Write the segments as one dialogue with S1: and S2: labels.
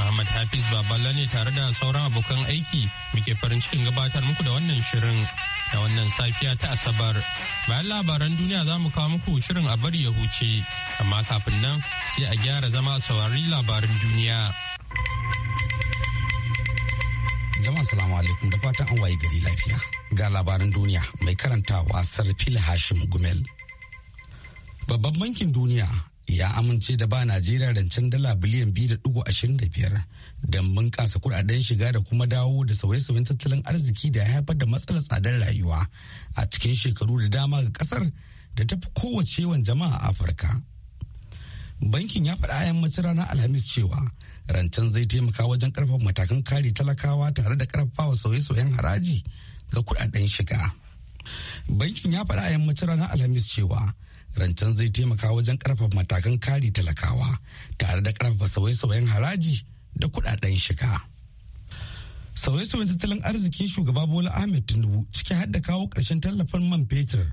S1: Muhammad Hafiz Baballa ne tare da sauran abokan aiki muke farin cikin gabatar muku da wannan shirin da wannan safiya ta Asabar. Bayan labaran duniya za mu kawo muku shirin a bari ya huce, amma kafin nan sai a gyara zama saurari labarin duniya.
S2: Jama'a salamu alaikum da fatan an waye gari lafiya. Ga labaran duniya mai karantawa Sarfil Hashim Gumel. Babban bankin duniya ya amince da ba Najeriya rancen dala biliyan biyu da da ashirin biyar. don bunƙasa kuɗaɗen shiga da kuma dawo da sauye-sauyen tattalin arziki da ya haifar da matsalar tsadar rayuwa a cikin shekaru da dama ga ƙasar da ta fi kowace yawan jama'a a Afirka. Bankin ya faɗa a yammacin ranar Alhamis cewa rancen zai taimaka wajen ƙarfafa matakan kare talakawa tare da ƙarfafa sauye-sauyen haraji ga kuɗaɗen shiga. Bankin ya faɗa a yammacin ranar Alhamis cewa rancen zai taimaka wajen karfafa matakan kari talakawa tare da karfafa sauye-sauyen haraji da kudaden shiga. Sauye-sauyen tattalin arzikin shugaba Bola Ahmed Tinubu ciki har kawo ƙarshen tallafin man fetur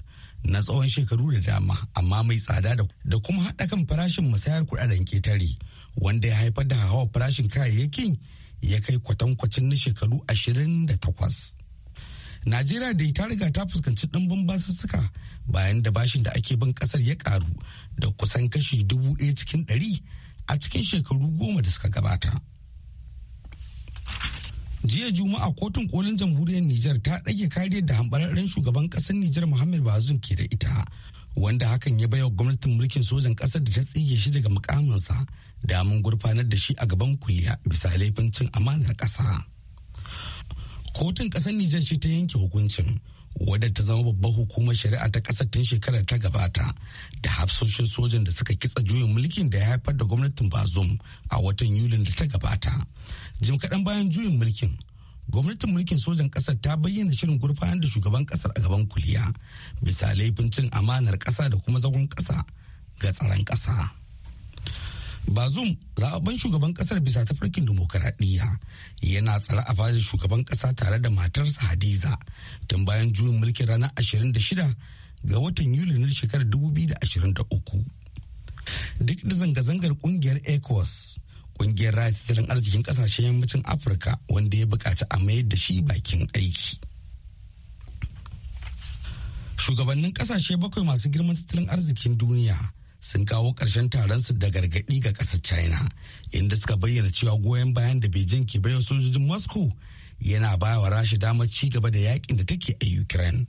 S2: na tsawon shekaru da dama amma mai tsada da kuma haɗa kan farashin musayar kudaden ketare wanda ya haifar da hawa farashin kayayyakin ya kai kwatankwacin na shekaru ashirin da takwas. najeriya da ta riga ta fuskanci ɗanbun basussuka bayan da bashin da ake bin ƙasar ya ƙaru da kusan kashi dubu ɗaya cikin ɗari a cikin shekaru goma da suka gabata jiya juma'a kotun kolin jamhuriyar nijar ta ɗage kariyar da hambararren shugaban ƙasar nijar muhammad bazoum ke da ita wanda hakan ya baiwa gwamnatin mulkin sojan ƙasar da ta tsige shi daga mukaminsa damun gurfanar da shi a gaban kuliya bisa laifin cin amanar ƙasa. kotun ƙasar Nijar ce ta yanke hukuncin wadda ta zama babbar hukumar shari'a ta ƙasar tun shekarar ta gabata da hafsoshin sojan da suka kitsa juyin mulkin da ya haifar da gwamnatin bazum a watan yulin da ta gabata jim kaɗan bayan juyin mulkin gwamnatin mulkin sojan ƙasar ta bayyana shirin gurfanar da shugaban ƙasar a gaban kuliya bisa laifin cin amanar ƙasa da kuma zagon ƙasa ga tsaron ƙasa bazum zaɓen shugaban ƙasar bisa ta farkin dimokuraɗiyya yana tsare a fadar shugaban ƙasa tare da matarsa hadiza tun bayan juyin mulkin ranar 26 ga watan yuli na shekarar 2023 duk da zanga-zangar ƙungiyar ecowas ƙungiyar raya tattalin arzikin ƙasashen yammacin afirka wanda ya buƙaci a mayar da shi bakin aiki shugabannin ƙasashe bakwai masu girman tattalin arzikin duniya sun kawo ƙarshen taron su da gargaɗi ga ƙasar china inda suka bayyana cewa goyon bayan da beijing ke baiwa sojojin moscow yana ba wa rasha damar ci gaba da yakin da take a ukraine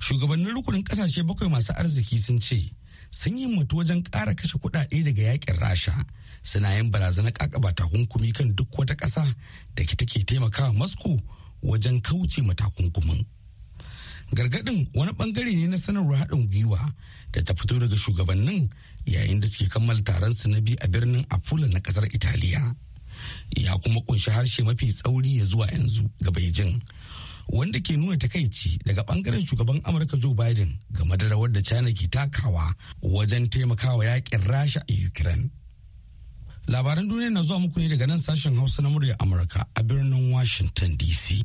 S2: shugabannin rukunin ƙasashe bakwai masu arziki sun ce sun yi mutu wajen ƙara kashe kuɗaɗe daga yakin rasha suna yin barazanar ƙaƙaba takunkumi kan duk wata ƙasa da take taimakawa moscow wajen kauce ma takunkumin gargadin wani bangare ne na sanarwar haɗin gwiwa da ta fito daga shugabannin yayin da suke kammala taron su na biyu a birnin apula na ƙasar italiya ya kuma kunshi harshe mafi tsauri ya zuwa yanzu ga beijing wanda ke nuna takaici daga bangaren shugaban amurka joe biden game da rawar da china ke takawa wajen taimakawa yakin rasha a ukraine labaran duniya na zuwa muku ne daga nan sashen hausa na murya amurka a birnin washington dc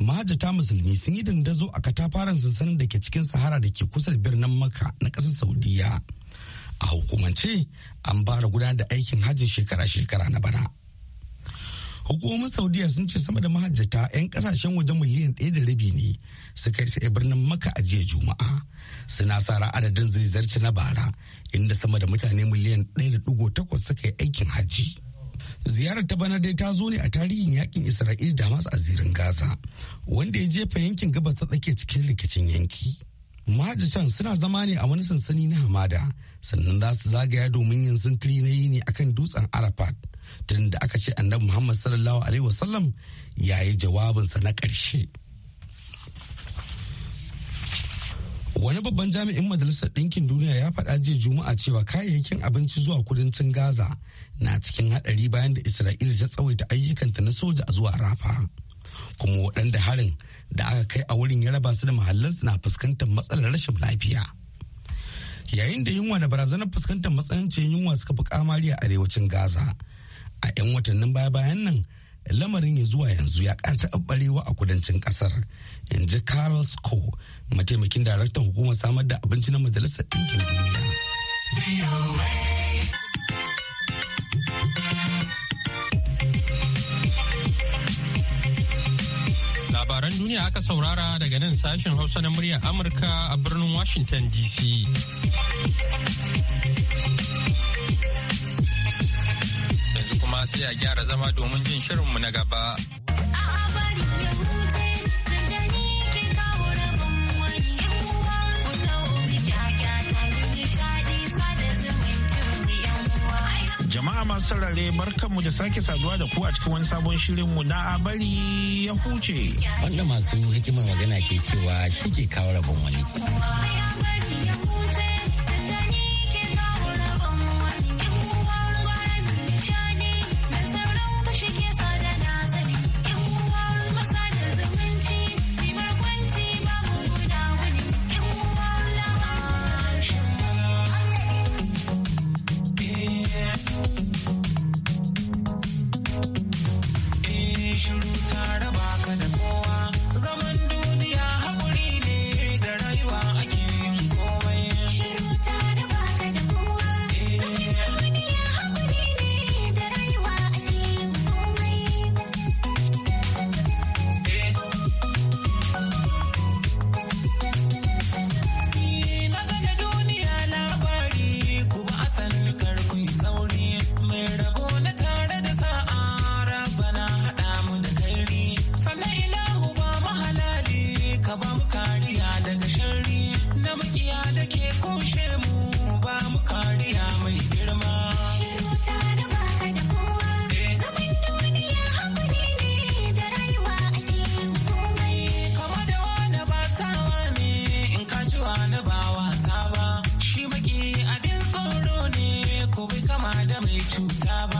S2: mahajjata musulmi sun yi dandazo a katafaren sansanin da ke cikin sahara da ke kusa da birnin maka na ƙasar saudiya a hukumance an fara gudanar da aikin hajjin shekara-shekara na bana hukumomin saudiya sun ce sama da mahajjata 'yan kasashen waje miliyan ɗaya da rabi ne suka isa birnin maka a jiya juma'a suna sa adadin zai zarce na bara inda sama da mutane miliyan ɗaya da ɗigo takwas suka yi aikin hajji ziyarar ta bana dai ta zo ne a tarihin yakin Isra'il da masu azirin gaza wanda ya jefa yankin gabas ta tsakiya cikin rikicin yanki mahajjatan suna zama ne a wani sansani na hamada sannan za su zagaya domin yin sintiri na yini a kan dutsen arafat tun da aka ce annabi muhammad sallallahu alaihi wasallam ya yi jawabinsa na ƙarshe Wani babban jami'in Majalisar Ɗinkin Duniya ya faɗa jiya Juma'a cewa kayayyakin abinci zuwa kudancin Gaza na cikin haɗari bayan da Isra'ila ta tsawaita ayyukanta na soja zuwa Rafa. Kuma waɗanda harin da aka kai a wurin ya raba su da mahallansu na fuskantar matsalar rashin lafiya. Yayin da yunwa da barazanar fuskantar matsanancin yunwa suka fi kamari a arewacin Gaza. A 'yan watannin baya-bayan nan lamarin ya zuwa yanzu ya ƙarta barewa a kudancin kasar. in ji carlos co mataimakin daraktan hukumar samar da abinci na majalisar ɗinkin duniya
S1: labaran duniya aka saurara daga nan sashen hausa na muryar amurka a birnin washington dc sai a gyara zama domin jin shirinmu na gaba.
S3: Jama'a masu sarare mu da sake saduwa da ku a cikin wani sabon shirinmu na abari ya
S4: huce. Wanda masu hikimar magana ke cewa shi ke kawo rabon wani.
S5: cuta ba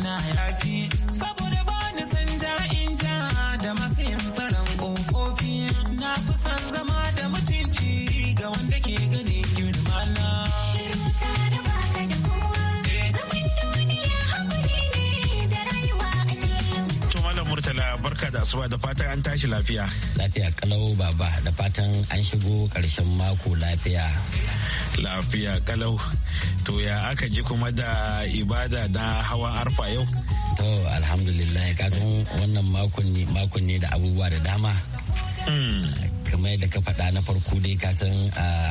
S5: na hayaki saboda ba ni san ja'in ja da matsayin tsaron kofofi na fi san zama da mutunci ga wanda ke ganin girmana. Shiruta da baka da kowa, zaman duniya hakuri ne da rayuwa ake.
S3: To Malam Murtala barka da asuba da fatan an tashi lafiya.
S4: Lafiya kalau baba da fatan an shigo karshen mako lafiya. Lafiya kalau To ya aka ji
S3: kuma da ibada na
S4: hawa arfa yau? To alhamdulillah ya wannan makon ne da abubuwa da dama. Hmm. kamar da ka faɗa na farko dai ka san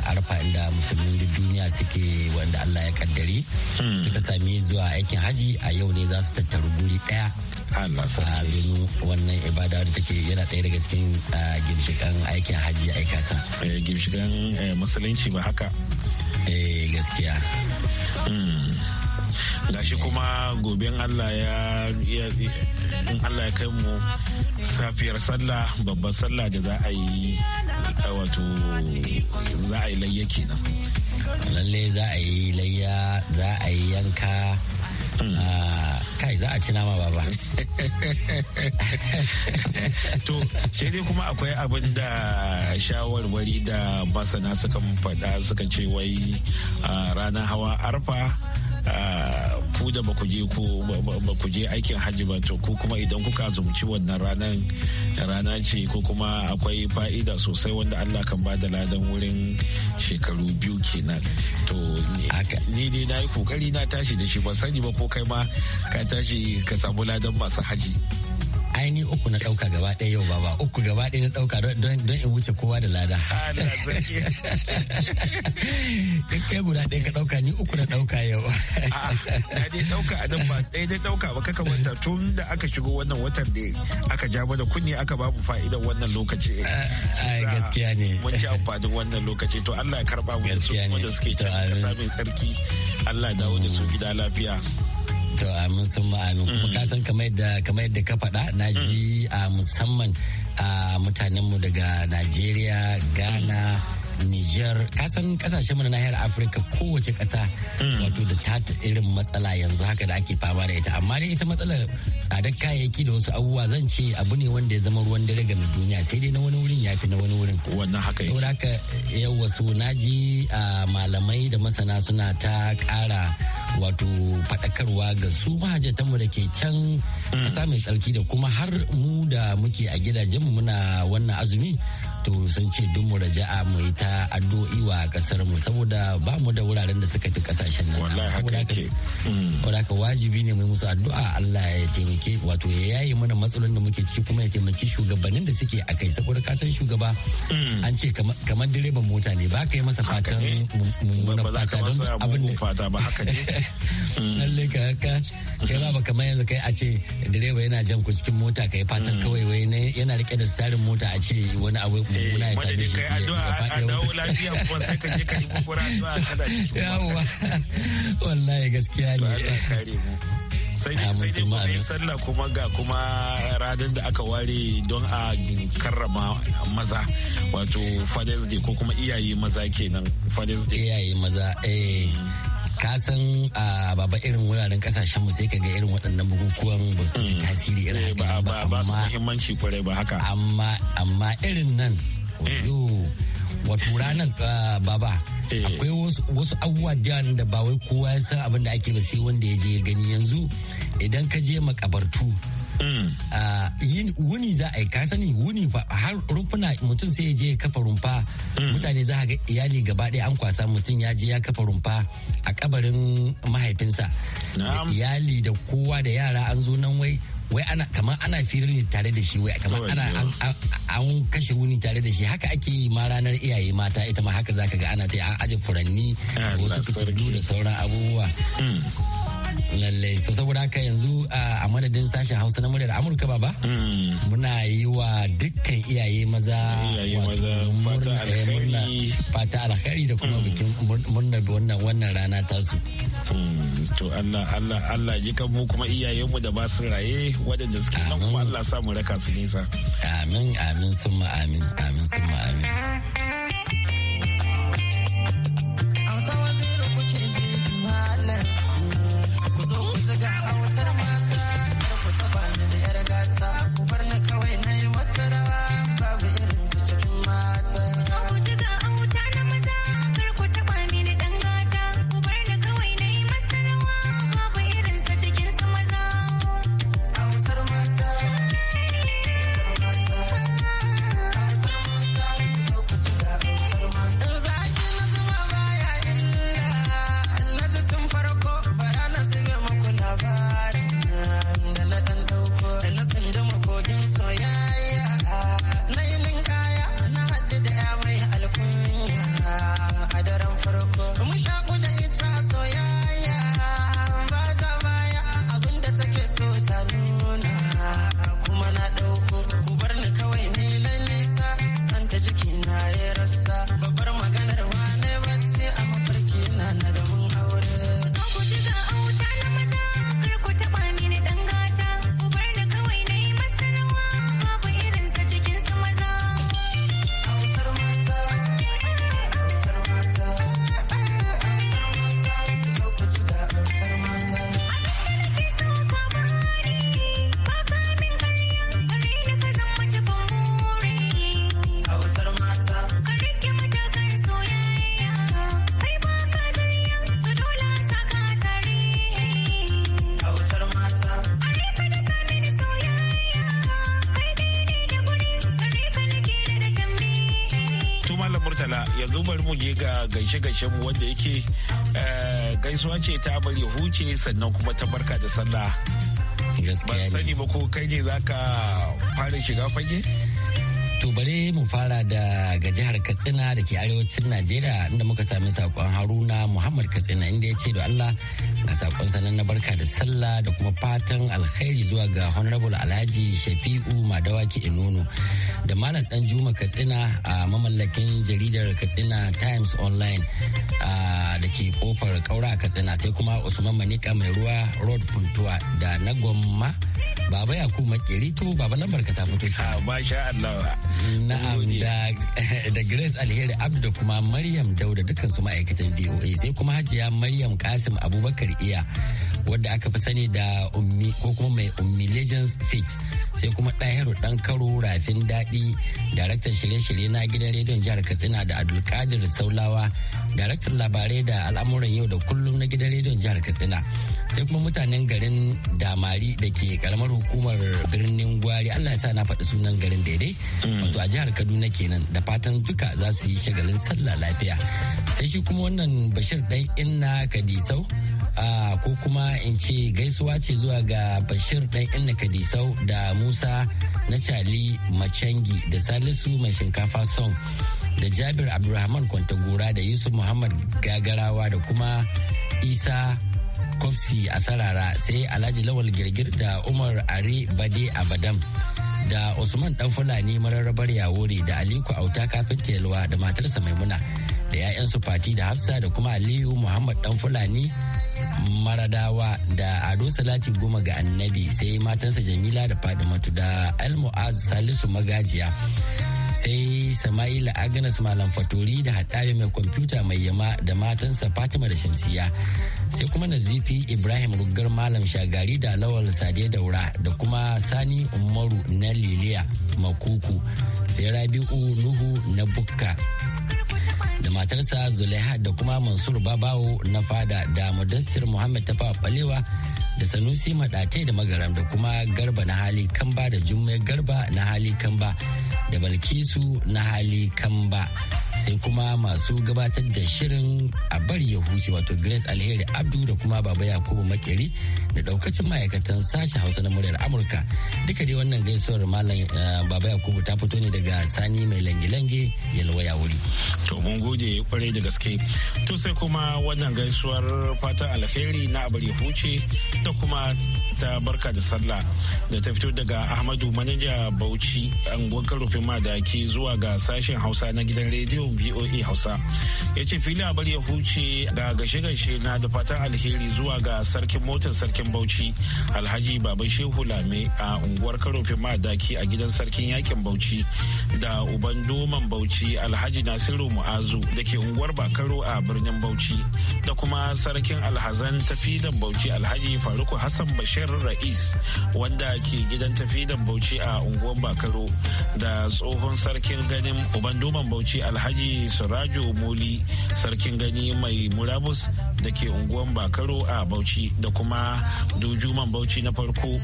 S4: arfa inda musulmin duniya suke wanda Allah ya kaddari hmm. suka sami zuwa aikin haji a yau ne za su tattaru guri ɗaya a wannan ibada da take yana daya daga cikin gimshikan aikin haji a ikasa eh, gimshikan eh, musulunci ba haka eh, gaskiya
S3: hmm. gashi kuma gobe Allah ya in Allah ya kai mu safiyar sallah babbar sallah da za a yi wato
S4: za a yi layya kenan lalle za a yi layya za a yi yanka Ah, kai za a ci nama baba
S3: to sai dai kuma akwai abin da shawarwari da masana suka faɗa suka ce wai ah, ranar hawa arfa ku da ba ku je ku ba je aikin hajji ba to ku kuma idan kuka azumci wannan ranar rana ce ko kuma akwai fa'ida sosai wanda Allah kan ba da ladan wurin shekaru biyu kenan to ni dai na yi kokari na tashi da shi ba sani ba ko kai ma ka tashi ka samu ladan masu haji
S4: aini uku na dauka gaba ɗaya yau baba uku gaba ɗaya na dauka don in wuce kowa da lada Duk kai guda ɗaya ka dauka ni uku na dauka yau ah,
S3: na dai dauka a nan ba ɗaya dai dauka ba kaka wata tun da aka shigo wannan watan da aka ja mana kunni aka babu fa'ida wannan lokaci ah, a gaskiya ne mun ji amfanin wannan lokaci to Allah ya karba mu da su wanda suke can ka sami tsarki Allah dawo da su
S4: gida lafiya to a sun kuma mm. ka san kamar yadda ka faɗa na mm. ji a musamman a mutanenmu daga najeriya ghana Niger kasan kasashen mu na nahiyar Afirka kowace kasa hmm. wato da ta irin matsala yanzu haka da ake fama da ita amma dai ita matsala tsadar kayayyaki da wasu abubuwa zan ce abu ne wanda ya zama ruwan dare ga duniya sai dai na wani wurin ya fi na wani wurin wannan haka yake saboda haka yau wasu naji malamai da masana suna ta kara wato fadakarwa ga su mu da ke can kasa hmm. mai tsarki da kuma har mu da muke a gidajen mu muna wannan azumi to sun ce duk mu raja'a mu yi ta addu'o'i wa kasar mu saboda ba mu da wuraren da suka fi kasashen nan wallahi haka yake wadaka mm. wajibi ne mu musu addu'a Allah ya taimake wato ya yaye mana matsalolin da muke ciki kuma ya taimaki shugabannin da suke a kai saboda ka san shugaba mm. an ce kamar direban mota ne ba ka yi masa fatan mummuna fata don abin da fata ba haka ne mm. lalle ka haka kai ba ba kamar yanzu kai a ce direba yana jan ku cikin mota kai fatan kawai wai yana rike da starin mota a ce wani abu Eh, madadin kai addu'a a dawo lafiya kuma sai ka je ka yi kokora addu'a yawa wallahi gaskiya ne
S3: sai dai kuma sallah kuma ga kuma ranar da aka ware don a karrama maza wato fathers day ko kuma iyaye maza kenan fathers day iyaye maza
S4: eh ka san a baba irin wuraren kasashen mu sai ka ga irin waɗannan bukukuwan ba su hmm. tasiri irin eh, ba ba ba su muhimmanci kwarai ba haka amma amma irin nan eh. wato ranar baba eh. akwai wasu abubuwa jihar da ba wai kowa ya san abin da ake ba sai wanda ya je gani yanzu idan ka je makabartu Yin wuni za a yi ka sani wuni har rumfuna mutum sai ya je kafa rumfa mm. mutane za a ga iyali gaba ɗaya an kwasa mutum ya je ya kafa rumfa a kabarin mahaifinsa iyali da kowa da yara an zo nan wai wai ana kamar ana firin tare da shi wai kamar ana an kashe wuni tare da shi haka ake yi ma ranar iyaye mata ita ma haka zaka ga ana ta an aje furanni wasu fitilu da sauran abubuwa mm. lallai so saboda haka yanzu ah, a madadin sashen hausa na muryar amurka baba mm. muna yi wa dukkan iyaye maza fata eh, alkhari da kuma mm. bikin murnar wannan rana tasu
S3: mm. to Allah Allah Allah ji kan mu kuma iyayenmu da ba su raye da suke nan kuma Allah sa mu
S4: raka su nisa amin amin ma amin amin ma amin
S3: yanzu bari mu je ga gaishe gaishe mu wanda yake eh, gaisuwa ce ta bari huce sannan kuma ta barka da sallah. Ban sani ba ko kai ne za ka fara shiga fage?
S4: To bare mu fara da ga jihar Katsina da ke arewacin Najeriya inda muka sami sakon Haruna Muhammad Katsina inda ya ce da Allah a sakon sanan na barka da sallah da kuma fatan alkhairi zuwa ga honorable alhaji shafi'u madawaki inono da malam dan juma katsina a mamallakin jaridar katsina times online da ke kofar kaura katsina sai kuma usman manika mai ruwa road funtuwa da na gwamma baba yaku makeri to baba lambar barka ta fito ah, masha Allah na'am da grace alheri abdu da kuma maryam dauda dukkan su ma'aikatan voa sai kuma hajiya maryam kasim abubakar iya wadda aka fi sani da ummi ko kuma mai ummi legends fit sai kuma ɗahiru ɗan karo rafin daɗi daraktan shirye-shirye na gidan rediyon jihar katsina da abdulkadir saulawa daraktan labarai da al'amuran yau da kullum na gidan rediyon jihar katsina sai kuma mutanen garin damari da ke karamar hukumar birnin gwari allah ya sa na faɗi sunan garin daidai mm. wato a jihar kaduna kenan da fatan duka za su yi shagalin sallah lafiya sai shi kuma wannan bashir dan inna kadisau ko kuma in ce gaisuwa ce zuwa ga bashir dan inna kadisau da musa na cali macangi da salisu mai shinkafa song da jabir abdulrahman kwantagora da yusuf muhammad gagarawa da kuma isa kofsi a sarara sai alhaji lawal girgir da umar ari bade a badam da usman dan fulani mararrabar yawuri da aliko auta kafin yalwa da matarsa maimuna da 'ya'yansu fati da hafsa da kuma aliyu muhammad dan fulani maradawa da ado salati goma ga annabi sai matansa jamila da fadimatu da almu'az salisu magajiya sai sama'ila agnes malam fatori da haɗari mai kwamfuta mai yama da matansa fatima da shamsiya sai kuma nazifi ibrahim rugar malam shagari da lawal sade daura da kuma sani umaru na liliya makuku sai rabi'u nuhu na bukka da matarsa Zulaiha da kuma Mansur Babawo na fada da Mudassir Muhammad Tafa Balewa da Sanusi Madatai da Magaram da kuma Garba na hali Kamba da Jummai Garba na hali Kamba da Balkisu na hali Kamba sai kuma masu gabatar da shirin a bari ya huce wato grace alheri abdu da kuma baba yakubu makeri da daukacin ma'aikatan sashi hausa na muryar amurka duka dai wannan gaisuwar malam eh, baba yakubu ta fito ne daga sani mai lange-lange yalwaya wuri to mun gode kwarai da gaske to sai kuma wannan gaisuwar
S3: fatan alheri na abar ya huce da kuma ta barka da sallah da ta fito daga ahmadu manaja bauchi anguwar karufin madaki zuwa ga sashen hausa na gidan rediyo voa hausa ya ce fili a ya huce ga gashe-gashe na da fatan alheri zuwa ga sarkin motar sarkin bauchi alhaji baba shehu lame a unguwar karofin madaki a gidan sarkin yakin bauchi da uban doman bauchi alhaji nasiru mu'azu da ke unguwar bakaro a birnin bauchi da kuma sarkin alhazan tafidan bauchi alhaji faruku hassan bashir makarantar Ra'is wanda ke gidan tafi da Bauchi a unguwar Bakaro da tsohon sarkin ganin Ubanduman Bauchi Alhaji Surajo Moli sarkin gani mai murabus da ke unguwan bakaro a bauchi da kuma dujuman bauchi na farko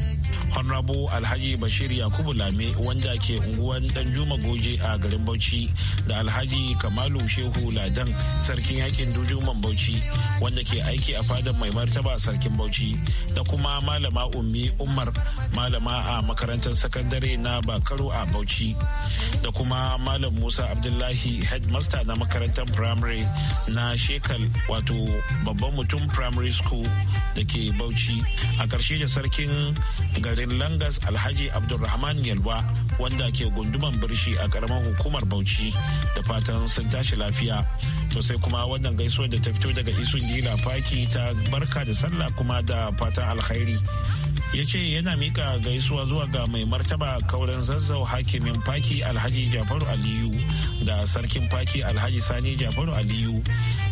S3: honorable alhaji bashir yakubu lame wanda ke unguwan danjuma goje a garin bauchi da alhaji kamalu shehu ladan sarkin yakin dujuman bauchi wanda ke aiki a fadar mai martaba sarkin bauchi da kuma malama ummi umar malama a makarantar sakandare na bakaro a bauchi da kuma malam musa abdullahi headmaster na makarantar primary na shekal wato babban mutum primary school da ke bauchi a ƙarshe da sarkin garin langas alhaji abdulrahman yalwa wanda ke gunduman birshi a ƙaramar hukumar bauchi da fatan sun tashi lafiya to sai kuma wannan gaisuwar da ta fito daga isun dila faki ta barka da sallah kuma da fatan alkhairi ya ce yana mika gaisuwa zuwa ga mai martaba kauren zazzau hakimin faki alhaji jafaru aliyu da sarkin faki alhaji sani jafaru aliyu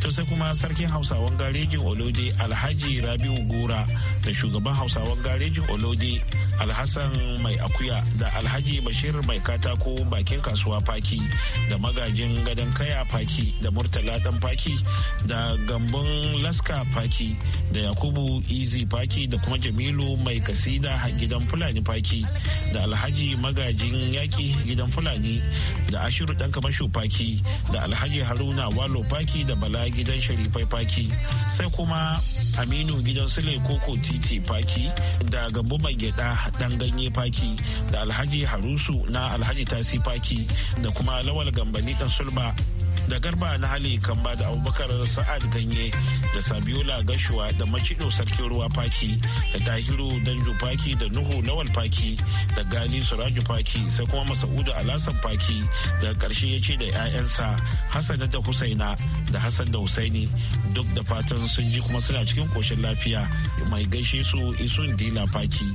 S3: to sai kuma sarkin hausawan garejin olode alhaji rabiu gora da shugaban hausawan garejin olode alhassan mai akuya da alhaji bashir mai katako bakin kasuwa faki da magajin gadon kaya faki da murtala dan faki da gambun laska faki da yakubu izi faki da kuma jamilu mai kasida gidan fulani faki da alhaji magajin yaki gidan fulani da ashiru dan kamasho faki da alhaji haruna walo faki da bala gidan sharifai faki sai kuma aminu gidan sule koko titi faki da gambo mai gyada dan ganye faki da alhaji harusu na alhaji tasi faki da kuma lawal gambani dan sulba da garba na hali kan ba da abubakar sa'ad ganye da sabiola gashuwa da macido sarkin ruwa faki da dahiru danju faki da nuhu lawal faki da gali suraju faki sai kuma masa'udu alasan faki da karshe ya ce da 'ya'yansa hassan da husaina da hassan da husaini duk da fatan sun ji kuma suna cikin koshin lafiya mai gaishe su isun dila faki.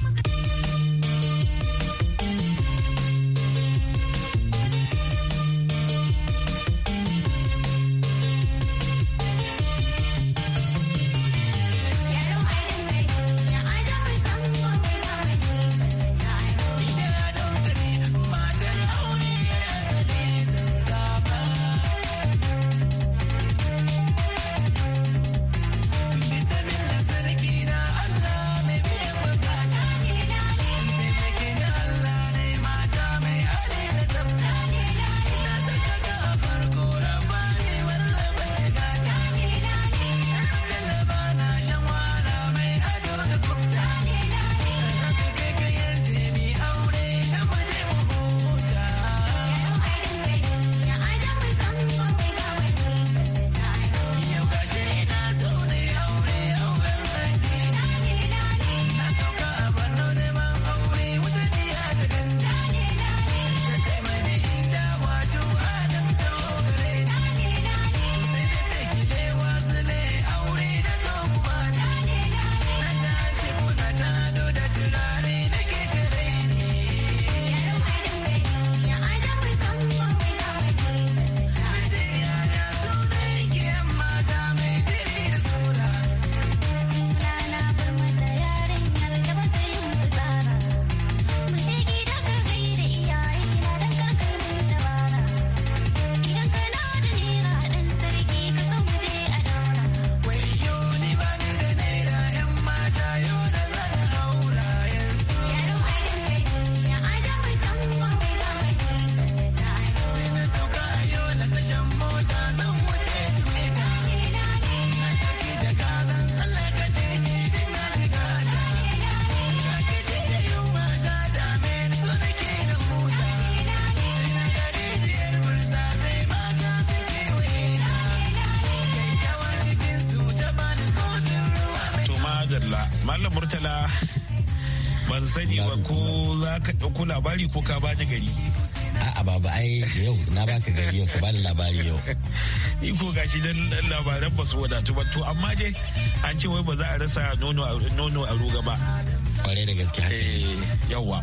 S3: ban sani ba ko za ka ɗauko labari ko ka
S4: bani gari a'a ba ai yau na ba ka gari yau ka bani labari yau
S3: ni ko gashi dan labaran ba su wadatu ba to amma dai an ce wai ba za a rasa nono nono a ruga ba kwarai da gaske haka eh, yawa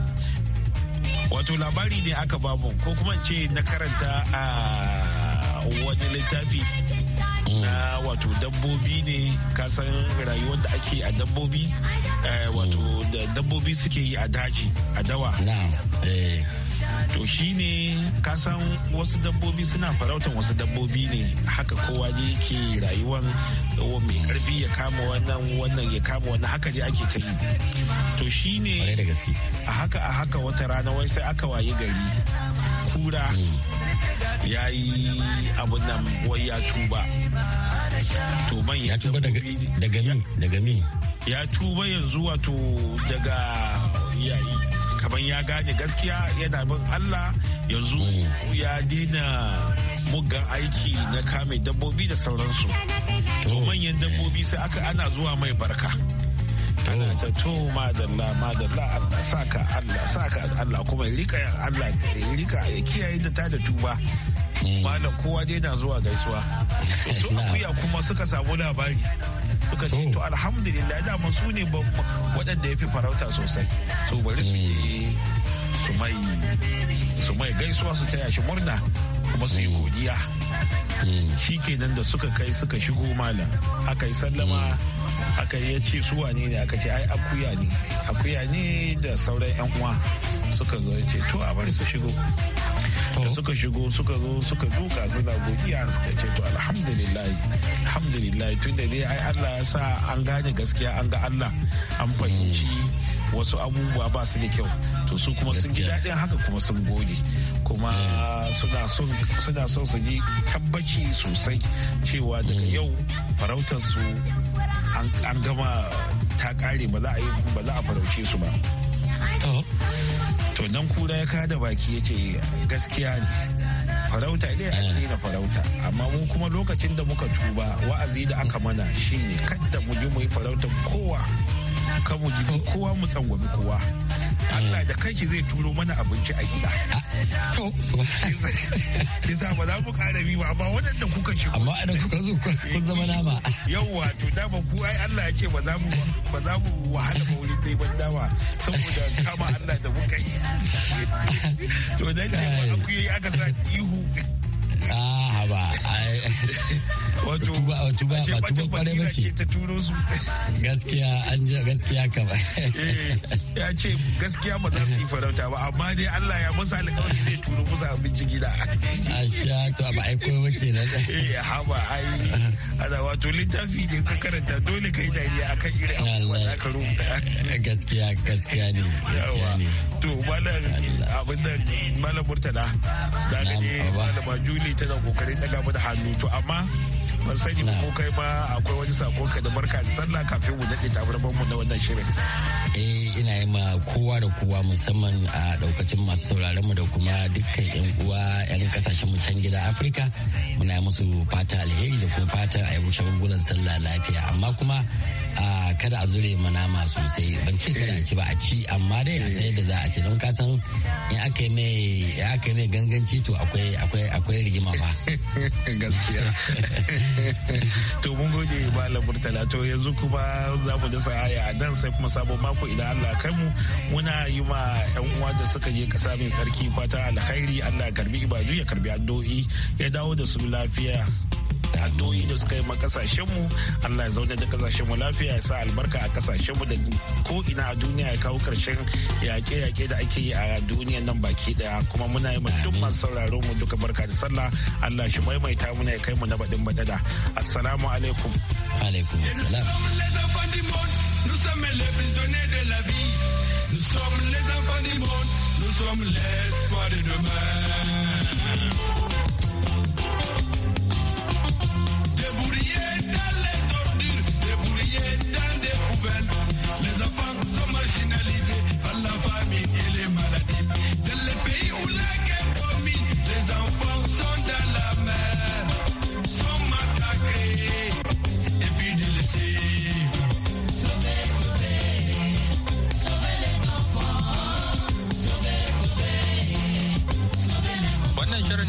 S3: wato labari ne aka babu ko kuma ce na karanta a wani littafi na mm. wato dabbobi ne kasan rayuwar da ake a dabbobi eh, wato dabbobi suke yi a daji a dawa eh. to shi ne kasan wasu dabbobi suna farautan wasu dabbobi ne haka kowa ne yake rayuwan mai karfi ya kama wannan wannan ya kama wannan haka je ake ta yi to shi ne a haka a haka wata rana wai sai aka waye gari kura hmm. ya yi abun nan wai ya tuba to man ya tuba daga mi daga mi ya tuba yanzu wato daga yayi kamar ya gane gaskiya yana bin Allah yanzu ya dina muggan aiki na kame dabbobi da sauransu to manyan dabbobi sai aka ana zuwa mai barka ana ta to madalla madalla Allah saka Allah saka Allah kuma rika Allah rika ya kiyaye da ta da tuba hmm. malam kowa dai na zuwa gaisuwa su akuya kuma suka samu labari suka ce to alhamdulillah dama su ne waɗanda ya fi farauta sosai su bari su yi su mai gaisuwa su taya shi murna kuma su yi godiya shi kenan da suka kai suka shigo malam aka yi sallama aka yi ce su wane ne aka ce ai akuya ne akuya ne da sauran yan uwa suka zo ce to a bari su shigo da suka shigo suka zo suka duka suna godiya suka ce to alhamdulillah alhamdulillah tun da dai ai Allah ya sa an gane gaskiya an ga Allah an fahimci wasu abubuwa ba su da kyau to su kuma sun ji daɗin haka kuma sun gode kuma eh. suna son su ji tabbaci sosai cewa daga eh. yau farautar su an gama ta kare ba za a farauce su ba. to nan kura ya kada baki ya ce gaskiya ne farauta dai an daina farauta amma mu kuma lokacin da muka tuba wa'azi da aka mana shine kadda mu muyi mu yi farautar kowa kamu mu kowa mu tsangwami kowa Allah da kanshi zai turo mana abinci a gida. Ah, to, shi za ba za mu ƙara ba amma waɗanda kuka shi. Amma idan kuka zo kun eh, zama nama. Yawwa to dama ku ai Allah ya ce ba za mu ba za mu wahala ba wurin dai ban dawa saboda kama Allah da muka yi.
S4: To dan ne ba ku yi aka sa
S2: ihu.
S4: Ah, ba. Wato ba wato ba ba tuba kware ba ce. ta turo su.
S2: Gaskiya
S4: an je gaskiya kama.
S3: Eh, ya ce gaskiya ba za su yi farauta ba amma dai Allah ya musa alƙawari zai turo musu abinci gida. A sha to ba ai ko ba kenan. Eh, ha ba ai. Ana wato littafi ne ka karanta dole kai dariya akan irin abubuwan da ka rubuta. Gaskiya gaskiya ne. Yawa. To malam abin da malam Murtala da ga je malama Juli dole tana kokarin daga mu da hannu to amma ban sani ko kai ma akwai wani sako ka da barka da sallah kafin mu daɗe tabarman mu na
S4: wannan shirin eh ina yi ma kowa da kowa musamman a daukacin masu sauraron mu da kuma dukkan yan uwa yan kasashen mu can gida Afirka muna musu fata alheri da kuma fata a yi shagungunan sallah lafiya amma kuma kada a zure nama sosai ban ce a ci ba a ci amma dai a sai da za a ci don san in aka yi aka yi mai ganganci to akwai akwai akwai rigima ba gaskiya
S3: to mun gode malam murtala to yanzu kuma za mu da sa'aya a dan sai kuma sabon mako idan Allah kai mu muna yi ma yan uwa da suka je kasa mai tsarki fata alkhairi Allah karbi ibadu ya karbi addu'o'i ya dawo da su lafiya da addu'o'i da suka yi ma kasashen mu Allah ya zauna da kasashen mu lafiya ya sa albarka a kasashen mu da ko ina a duniya ya kawo karshen yaƙe-yaƙe da ake yi a duniyan nan baki daya kuma muna yi duk masu sauraro mu duka barka da sallah Allah shi maimaita muna ya kai mu na baɗin baɗaɗa assalamu alaikum alaikum salam
S2: Nous sommes les prisonniers de la vie, nous sommes les enfants du monde, nous sommes l'espoir de demain.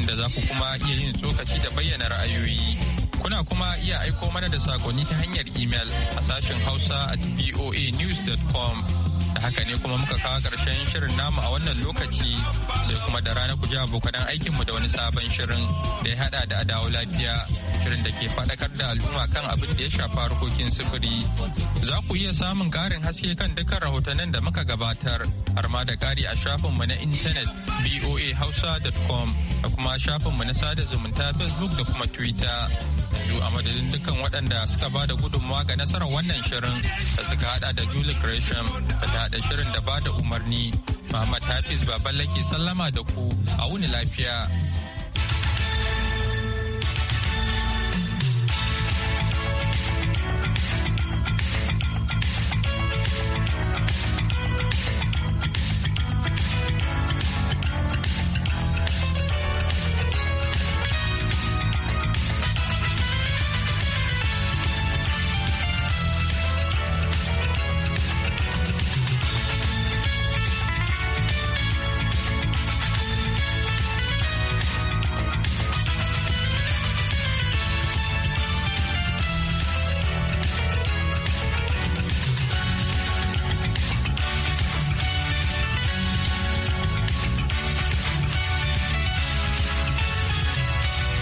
S1: inda za ku kuma iya yin tsokaci da bayyana ra'ayoyi. Kuna kuma iya aiko mana da sakonni ta hanyar imel a sashen hausa at voanews.com da haka ne kuma muka kawo ƙarshen shirin namu a wannan lokaci da kuma da rana ku ji abokan aikinmu da wani sabon shirin da ya hada da adawo lafiya shirin da ke faɗakar da al'umma kan abin da ya shafa harkokin sufuri za ku iya samun ƙarin haske kan dukkan rahotannin da muka gabatar har ma da ƙari a shafinmu na intanet voahausa.com da kuma shafinmu na sada zumunta facebook da kuma twitter yanzu a madadin dukkan waɗanda suka ba da gudunmawa ga nasarar wannan shirin da suka hada da julie gresham da da shirin da bada umarni Muhammad Hafiz baballe ke sallama da ku a wuni lafiya.